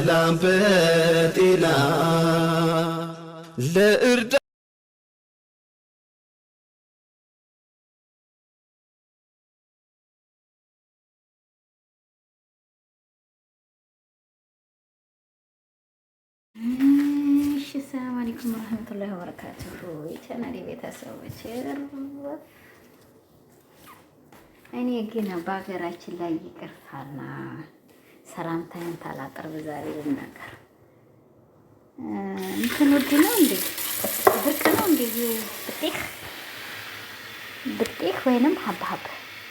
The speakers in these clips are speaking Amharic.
በሰላም በጤና ለእርዳ ሰላም አለይኩም ወረህመቱላሂ ወበረካቱሁ የቻናሌ ቤተሰቦች እኔ ግን በሀገራችን ላይ ይቅርታና ሰላምታዬን ታላቀርብ ዛሬ ልናገር እንትን ውድ ነው እንዴ? ብርቅ ነው እንዴ? ብጤክ ብጤክ ወይንም ሀብሀብ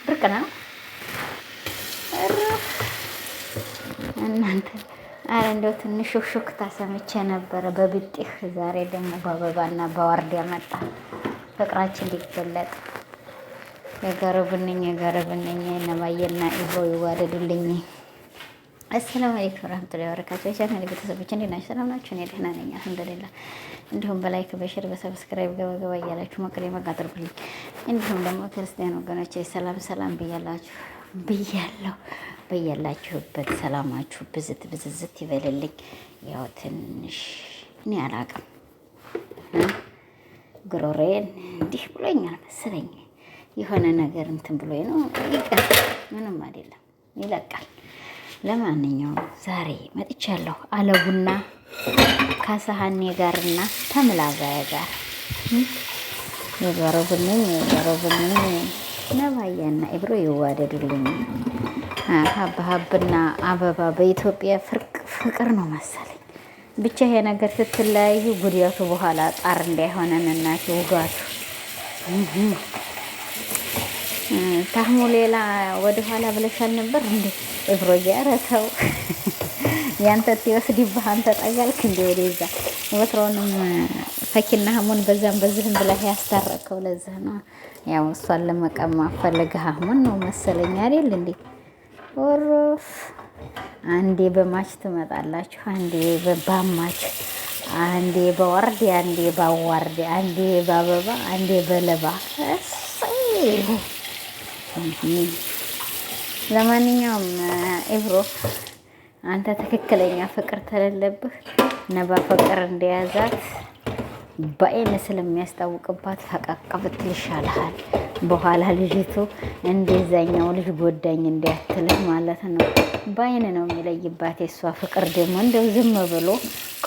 ብርቅ ነው እናንተ። አረ እንደው ትንሽ ሹክሹክታ ሰምቼ ነበረ በብጤህ። ዛሬ ደግሞ በአበባና በዋርድ ያመጣ ፍቅራችን ሊገለጥ የገረብንኝ የገረብንኝ እነማየና ኢቦ ይዋደዱልኝ። አሰላሙ አለይኩም ወራህመቱላሂ ወበረካቱህ የቻናል ቤተሰቦች እንዴት ናችሁ? ሰላም ናችሁ? እኔ ደህና ነኝ አልሐምዱሊላህ። እንዲሁም በላይክ በሽር በሰብስክራይብ ገባገባ እያላችሁ መቅደም አድርጉልኝ። እንዲሁም ደግሞ ክርስቲያን ወገኖች ሰላም ሰላም ብያላችሁ ብያለሁ። በያላችሁበት ሰላማችሁ ብዝት ብዝዝት ይበልልኝ። ያው ትንሽ እኔ አላቅም ጉሮሬን እንዲህ ብሎኛል መሰለኝ የሆነ ነገር እንትን ብሎኝ ነው። ምንም አይደለም ይለቃል ለማንኛውም ዛሬ መጥቻለሁ አለቡና ከሰሃኔ ጋርና ተምላዛያ ጋር የጓሮ ቡኒ የጓሮ ቡኒ ነባያና ኢብሮ ይዋደዱልኝ። ሀብሀብና አበባ በኢትዮጵያ ፍርቅ ፍቅር ነው መሰለኝ። ብቻ ይሄ ነገር ስትለያዩ ጉዳቱ በኋላ ጣር እንዳይሆነን እናቴ ውጋቱ ታህሙ ሌላ ወደ ኋላ ብለሻል ነበር እንዴ እፍሮዬ? ኧረ ተው ያንተ ትወስድብህ አንተ ጠጋልክ እንደ ወደዛ ወትሮንም ፈኪና ሀሙን በዛም በዚህም ብለህ ያስታረቅከው ለዚህ ነው። ያው እሷን ለመቀማ ፈልገህ ሀሙን ነው መሰለኝ አይደል እንዴ? ወሮፍ አንዴ በማች ትመጣላችሁ፣ አንዴ በባማች፣ አንዴ በወርድ፣ አንዴ ባዋርድ፣ አንዴ ባበባ፣ አንዴ በለባ እሰይ ለማንኛውም ኢብሮ አንተ ትክክለኛ ፍቅር ተለለብህ። ነባ ፍቅር እንደያዛት በአይን ስለሚያስታውቅባት ፈቀቅ ብትል ይሻልሃል። በኋላ ልጅቱ እንደዛኛው ልጅ ጎዳኝ እንዲያትልህ ማለት ነው። በአይን ነው የሚለይባት። የእሷ ፍቅር ደግሞ እንደው ዝም ብሎ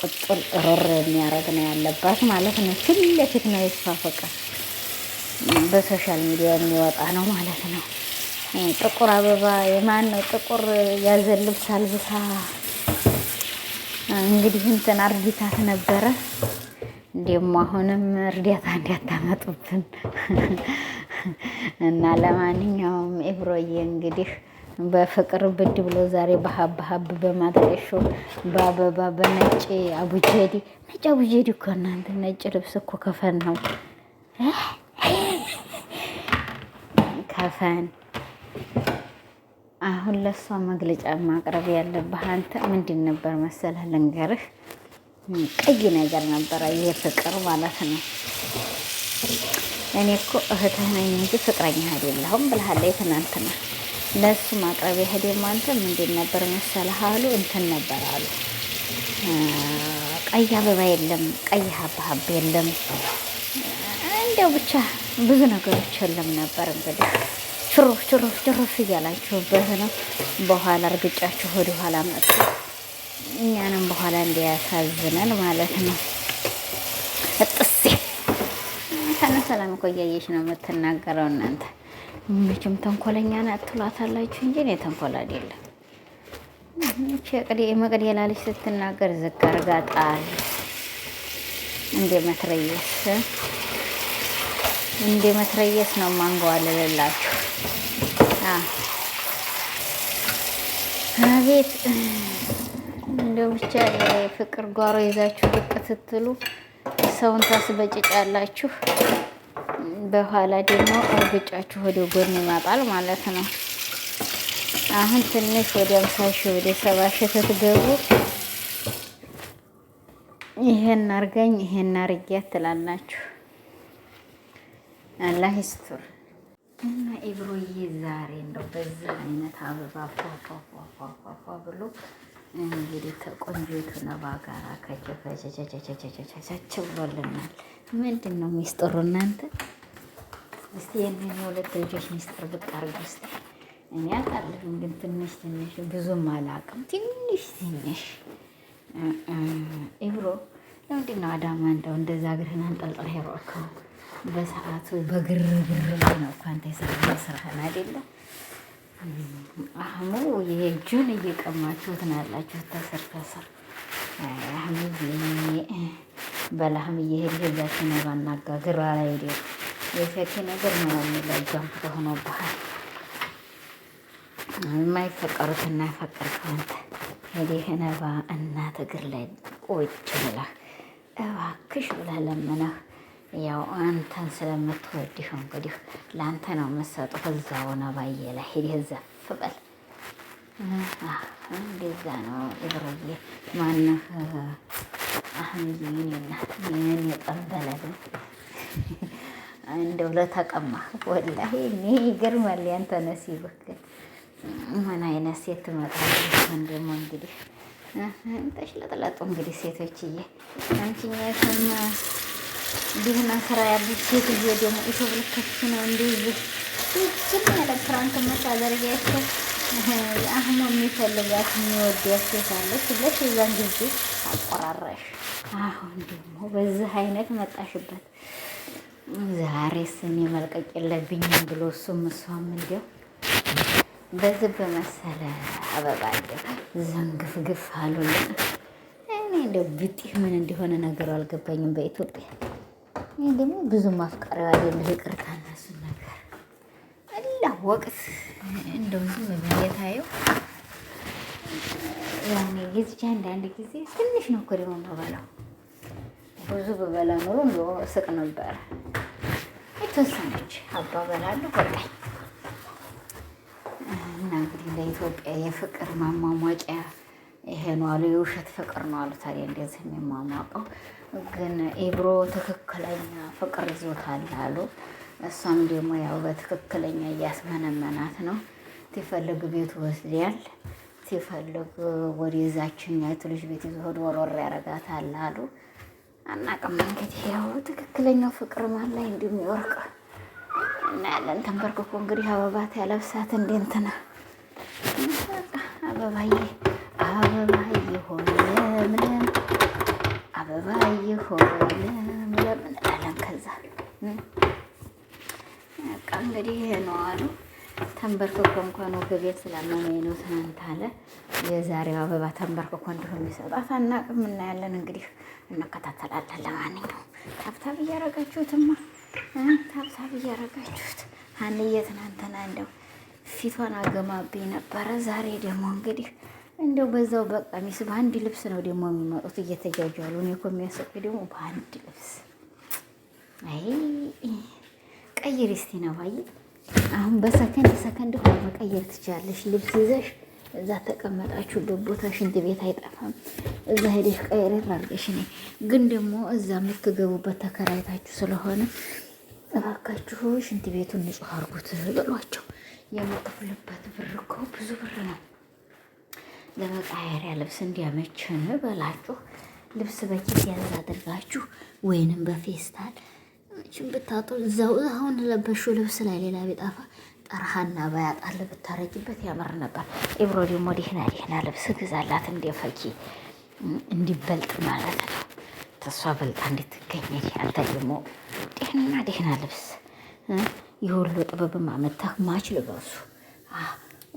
ቅጡል ሮር የሚያደርግ ነው ያለባት ማለት ነው። ፊት ለፊት ነው የእሷ ፍቅር። በሶሻል ሚዲያ የሚወጣ ነው ማለት ነው። ጥቁር አበባ የማን ነው? ጥቁር ያዘን ልብስ አልብሳ እንግዲህ እንትን አርጊታት ነበረ። እንዲሁም አሁንም እርዳታ እንዲያታመጡብን እና ለማንኛውም ኢብሮዬ እንግዲህ በፍቅር ብድ ብሎ ዛሬ በሀብ ሀብ በማጠሾ በአበባ በነጭ አቡጀዲ ነጭ አቡጀዲ እኮ እናንተ ነጭ ልብስ እኮ ከፈን ነው ተፈን አሁን ለእሷ መግለጫ ማቅረብ ያለብህ አንተ ምንድን ነበር መሰለህ? ልንገርህ፣ ቀይ ነገር ነበረ ይሄ ፍቅር ማለት ነው። እኔ እኮ እህትህ ነኝ እንጂ ፍቅረኛ አይደለሁም ብለሃለች ትናንትና። ለእሱ ማቅረብ ያህዴም አንተ ምንድን ነበር መሰለህ? አሉ እንትን ነበር አሉ ቀይ አበባ የለም ቀይ ሀብሀብ የለም ያው ብቻ ብዙ ነገሮች የለም ነበር እንግዲህ ችሮፍ ችሮፍ ችሮፍ እያላችሁበት ነው። በኋላ እርግጫችሁ ወደ ኋላ መጡ። እኛንም በኋላ እንዲያሳዝነን ማለት ነው። እጥሴ ከነ ሰላም እኮ ነው የምትናገረው። እናንተ መቼም ተንኮለኛ ናት ትሏታላችሁ እንጂ እኔ ተንኮል አይደለም። መቅደላ ስትናገር ዝቅ አርጋ እንደ መትረየስ እንደ መትረየስ ነው ማንጓለለላችሁ። አቤት እንደው ብቻ ፍቅር ጓሮ ይዛችሁ ብቅ ስትሉ ሰውን ታስበጭጫላችሁ። በኋላ ደግሞ እርግጫችሁ ወደ ጎን ይመጣል ማለት ነው። አሁን ትንሽ ወደ አምሳ ሺህ ወደ ሰባ ሺህ ስትገቡ ይሄን አርገኝ ይሄን አርጌ ትላላችሁ። አላህ ይስቱር እና ኢብሮዬ ዛሬ እንደው በዛ አይነት አበባ ፏፏፏፏፏ ብሎ እንግዲህ ከቆንጆቱ ነባ ጋር ከቸፈቸቸቸቸቸቸው ብሎልናል። ምንድን ነው ሚስጥሩ እናንተ? እስቲ የኔን የሁለት ልጆች ሚስጥር ብቅ አድርግ ውስጥ እኔ አውቃለሁ፣ ግን ትንሽ ትንሽ ብዙም አላውቅም። ትንሽ ትንሽ ኢብሮ ለምንድን ነው አዳማ እንደው እንደዛ እግርህን አንጠልጥለህ የሮጥከው? በሰዓቱ በግርግር ላይ ነው እኮ አንተ የስራህን አይደለ? አህሙ የእጁን እየቀማችሁት ነው ያላችሁት ተስር ተስር። አህሙዬ በላህም እየሄድ ነው ባናጋ ግራ ላይ ሄደ የሰኪ ነገር ነው የሚለጃም ሆኖብሃል። እና ያፈቀርከው አንተ ነባ እናት እግር ላይ ቁጭ ብላ እባክሽ ብለህ ለምነህ ያው አንተን ስለምትወድህ እንግዲህ ለአንተ ነው የምትሰጡህ። እዛው ባየ ላይ ሂደህ ዘፍ በል። እንደዛ ነው የብርዬ ማነህ አሁን ና ይህን የጠንበለልን እንደው ለተቀማህ ወላሂ እኔ ይገርማል። ያንተ ነሲብህ ግን ምን አይነት ሴት ትመጣለህ? ወንድሞ እንግዲህ ተሽለጥለጡ እንግዲህ ሴቶችዬ፣ አንቺኛቱም ዲህና ስራ ያለች ሴትዬ ደግሞ ኢትዮብ ልከች ነው እንደዚህ እጅግ ያለ ፕራንክ መታዘርያቸው አህሙ የሚፈልጋት የሚወዳት ሴት አለች ብለሽ የዛን ጊዜ አቆራረሽ። አሁን ደግሞ በዚህ አይነት መጣሽበት። ዛሬስ እኔ መልቀቅ የለብኝም ብሎ እሱም እሷም እንዲያው በዚህ በመሰለ አበባ እንደው ዘንግፍግፍ አሉልን። እኔ እንደው ብጤህ ምን እንደሆነ ነገሩ አልገባኝም። በኢትዮጵያ እኔ ደግሞ ብዙም አፍቃሪ አይደለሁ። ይቅርታ እነሱን ነገር አላ ወቅት እንደው ዝም ብየታየው ያኔ ጊዜ አንዳንድ ጊዜ ትንሽ ነው እኮ ደግሞ የምበላው። ብዙ በበላ ኑሮ እንደው ስቅ ነበረ። የተወሰነች አባበላለሁ በቃኝ እና እንግዲህ ለኢትዮጵያ የፍቅር ማሟሟቂያ ይሄ ነው አሉ። የውሸት ፍቅር ነው አሉ። ታዲያ እንደዚህ የሚሟሟቀው ግን ኢብሮ ትክክለኛ ፍቅር ይዞታል አሉ። እሷም ደግሞ ያው በትክክለኛ እያስመነመናት ነው። ሲፈልግ ቤት ወስዲያል፣ ሲፈልግ ወደ ዛችኛይቱ ልጅ ቤት ይዞ ሆድ ወሮር ያረጋታል አሉ። አናቅም እንግዲህ ያው ትክክለኛው ፍቅር ማን ላይ እንደሚወርቅ እናያለን። ተንበርክኮ እንግዲህ አበባት ያለብሳት እንደ እንትና አበባዬ አበባዬ ሆይ ለምለም አበባዬ ሆይ ለምለም እንላለን። ከዛ በቃ እንግዲህ ይሄ ነው አሉ። ተንበርክኮ እንኳን ወገቤ ስላመመኝ ነው ትናንት አለ። የዛሬው አበባ ተንበርክኮ እንደሆነ ይሰጣት አናውቅም። እናያለን እንግዲህ እንከታተላለን። ለማንኛውም ታብታብ እያረጋችሁትማ ታብታብ እያረጋችሁት አንዬ ትናንትና እንደው ፊቷን አገማብኝ ነበረ። ዛሬ ደግሞ እንግዲህ እንደው በዛው በቀሚስ በአንድ ልብስ ነው ደግሞ የሚመጡት እየተጃጃሉ። እኔ እኮ የሚያስቁ ደግሞ በአንድ ልብስ። አይ ቀይር እስቲ ነባይ አሁን በሰከንድ ሰከንድ ሆ መቀየር ትችላለሽ። ልብስ ይዘሽ እዛ ተቀመጣችሁበት ቦታ ሽንት ቤት አይጠፋም። እዛ ሄደሽ ቀይሬት አድርገሽ ነ ግን ደግሞ እዛ የምትገቡበት ተከራይታችሁ ስለሆነ እባካችሁ ሽንት ቤቱን ንጹህ አርጉት በሏቸው። የምከፍልበት ብር እኮ ብዙ ብር ነው። ለመቃየሪያ ልብስ እንዲያመችን በላችሁ ልብስ በኪስ ያዝ አድርጋችሁ ወይንም በፌስታል ችን ብታጡ እዛው አሁን ለበሹ ልብስ ላይ ሌላ ቢጣፋ ጠርሃና ባያጣል ብታረጊበት ያምር ነበር። ኢብሮ ደግሞ ደህና ደህና ልብስ ግዛላት እንደፈኪ እንዲበልጥ ማለት ነው። ተሷ በልጣ እንድትገኝ አንተ ደግሞ ደህና ደህና ልብስ የወሎ ጥበብ አመታህ ማች ልበሱ።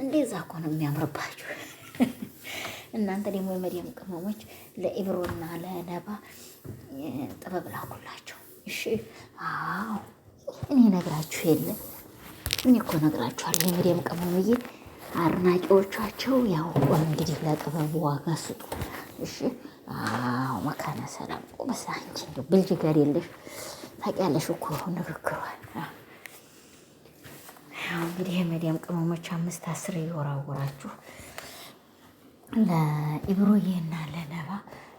እንደዛ እኮ ነው የሚያምርባችሁ። እናንተ ደግሞ የመዲያም ቅመሞች ለኢብሮና ለነባ ጥበብ ላኩላቸው። እሺ፣ አዎ፣ እኔ ነግራችሁ የለ እኔ እኮ ነግራችኋለሁ። የመዲያም ቅመምዬ አድናቂዎቻቸው ያው እንግዲህ ለጥበቡ ዋጋ ስጡ። እሺ፣ አዎ፣ መካነ ሰላም ቆበሳ። አንቺ ብልጅ ጋር የለሽ ታውቂያለሽ እኮ ንግግሯል ነው እንግዲህ የመዲያም ቅመሞች አምስት አስር እየወራወራችሁ ለኢብሮዬና ለነባ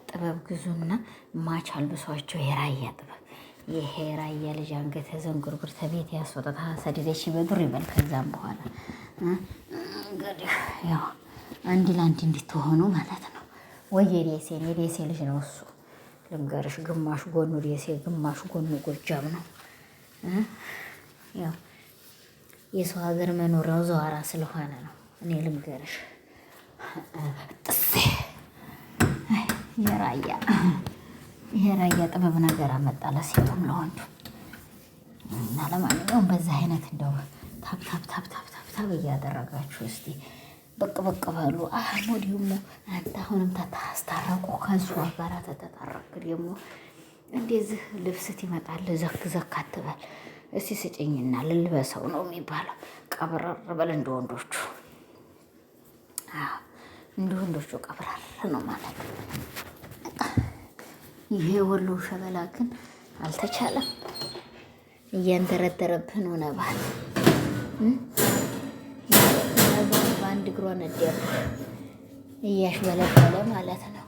ጥበብ ግዙና ማች አልብሷቸው የራያ ጥበብ ይሄ ራያ ልጅ አንገተ ዘንጉርጉር ተቤት ያስወጣታ ሰደደች በዱር ይበል። ከዛም በኋላ እንግዲህ ያው አንድ ለአንድ እንድትሆኑ ማለት ነው። ወይ የደሴን የደሴ ልጅ ነው እሱ ልንገርሽ፣ ግማሽ ጎኑ ደሴ፣ ግማሽ ጎኑ ጎጃም ነው ያው የሰው ሀገር መኖሪያው ዘዋራ ስለሆነ ነው። እኔ ልምገርሽ ጥሴ የራያ የራያ ጥበብ ነገር አመጣለ ሴቱም ለወንዱ እና ለማንኛውም በዛ አይነት እንደው ታብታብታብታብታብ እያደረጋችሁ እስቲ ብቅ ብቅ በሉ። አህሙ ደግሞ አንተ አሁንም ታስታረቁ ከሷ ጋር ተተጣረቅ ደግሞ እንደዚህ ልብስት ይመጣል። ዘክ ዘክ አትበል። እስቲ ስጭኝና ልልበሰው ነው የሚባለው። ቀብረር በል እንደ ወንዶቹ እንደ ወንዶቹ ቀብረር ነው ማለት ይሄ ወሎ ሸበላ ግን አልተቻለም። እያንደረደረብህ ነው ነባል በአንድ እግሯ ነደብ እያሽበለበለ ማለት ነው።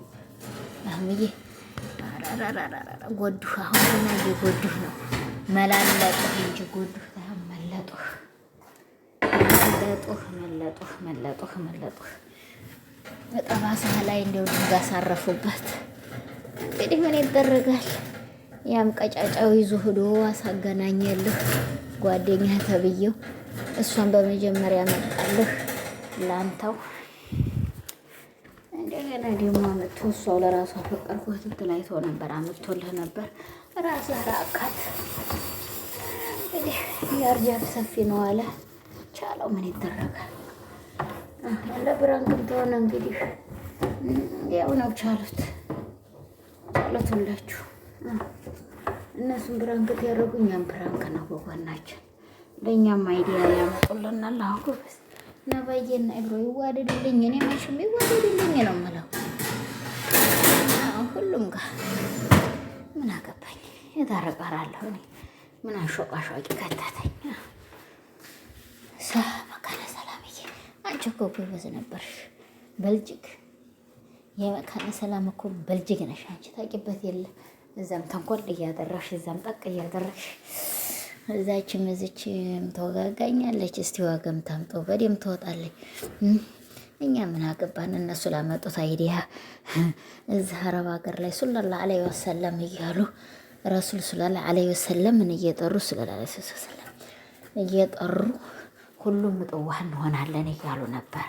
አሁን ጎዱህ አሁን ጎዱህ ነው መላለጡህ እንጂ ጉዱህ ሳይሆን መለጡህ መለጡህ መለጡህ መለጡህ መለጡህ ጠባሳህ ላይ እንደው ድንጋይ አሳረፉበት። እንግዲህ ምን ይደረጋል? ያም ቀጫጫው ይዞ ሂዶ አሳገናኘልህ ጓደኛ ተብዬው እሷን በመጀመሪያ መጣልህ ላንተው እንደገና ደግሞ አመጥቶ እሷው ለራሷ ፈቀርኩህ ትትላይተው ነበር አመጥቶልህ ነበር ራስ ራቃት። እንግዲህ የአርጃት ሰፊ ነው አለ ቻለው። ምን ይደረጋል? ያለ ብራንክም ተሆነ እንግዲህ ያው ነው። ቻሉት ቻሉት። ሁላችሁ እነሱም ብራንክት ያደረጉ እኛም ብራንክ ነው በጎናችን። ለእኛም አይዲያ ያመጡልናል። አሁን ጎበዝ ነባዬና እግሮ ይዋደድልኝ፣ እኔ መቼም ይዋደድልኝ ነው የምለው። ሁሉም ጋር ምን አገባኝ? የታረቀራለሁ እኔ ምን አንሾቃሾቂ ከተተኝ። መካነ ሰላምዬ አንቺ እኮ ጎበዝ ነበርሽ። በልጅግ የመካነ ሰላም እኮ በልጅግ ነሽ አንቺ ታውቂበት የለ እዛም ተንኮል እያደረግሽ እዛም ጠቅ እያደረግሽ እዛችም ምዝች ተወጋጋኛለች። እስቲ ዋገም ታምጦ በደም ትወጣለች። እኛ ምን አገባን? እነሱ ላመጡት አይዲያ እዚህ አረብ ሀገር ላይ ሱለላ አለይ ወሰለም እያሉ ረሱል ሱለላ አለይ ወሰለምን እየጠሩ ሱለላ ለ ሰለም እየጠሩ ሁሉም ምጥዋህ እንሆናለን እያሉ ነበረ።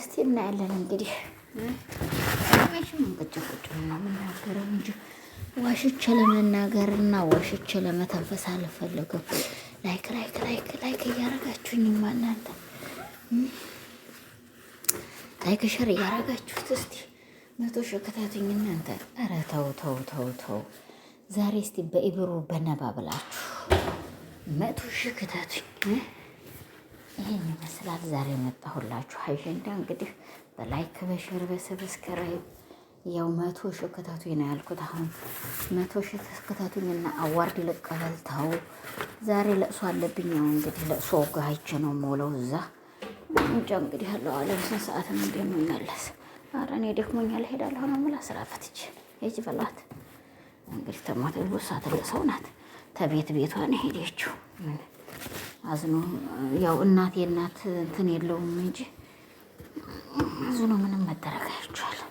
እስቲ እናያለን እንግዲህ መቼም ቁጭ ቁጭ ነው የምናገረው እንጂ ዋሽቼ እና ዋሽቼ ለመተንፈስ አልፈለግም። ላይክ ላይክ ላይክ ላይክ እያረጋችሁኝ እናንተ ላይክ ሸር እያረጋችሁት እስቲ መቶ ሺህ ከታቱኝ እናንተ። ኧረ ተው ተው ተው ተው። ዛሬ እስቲ በኢብሮ በነባ ብላችሁ መቶ ሺህ ከታቱኝ። ይህን ይመስላል ዛሬ መጣሁላችሁ አጀንዳ እንግዲህ በላይክ በሸር በሰብስክራይብ ያው መቶ ሺህ ክተቱኝ ነው ያልኩት። አሁን መቶ ሺህ ክተቱኝና አዋርድ ልቀበል። ተው ዛሬ ለቅሶ አለብኝ። ያው እንግዲህ ለቅሶ ጋይቼ ነው ሞለው እዛ እንጫ እንግዲህ ያለው አለም ስንት ሰዓት ነው እንደምመለስ። ኧረ እኔ ደክሞኛል እሄዳለሁ ነው የምልህ። ስራ ፈትቼ ሂጅ በሏት እንግዲህ። ተሞት ልሳ ሰው ናት ተቤት ቤቷን ሄደችው። አዝኖ ያው እናት የእናት እንትን የለውም እንጂ አዝኖ ምንም መደረግ አይቻልም።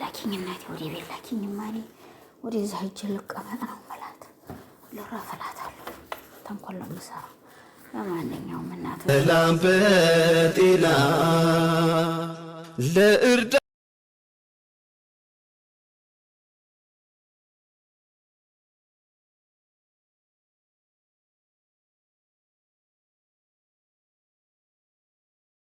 ቤት ላኪኝ እናቴ፣ ወደ ቤት ላኪኝ ማኔ፣ ወደዛ ሂጅ ልቀመጥ ነው መላት ልረፍላት አሉ ተንኮል ነው ምሰራ። ለማንኛውም እናት ላምበጤላ ለእርዳ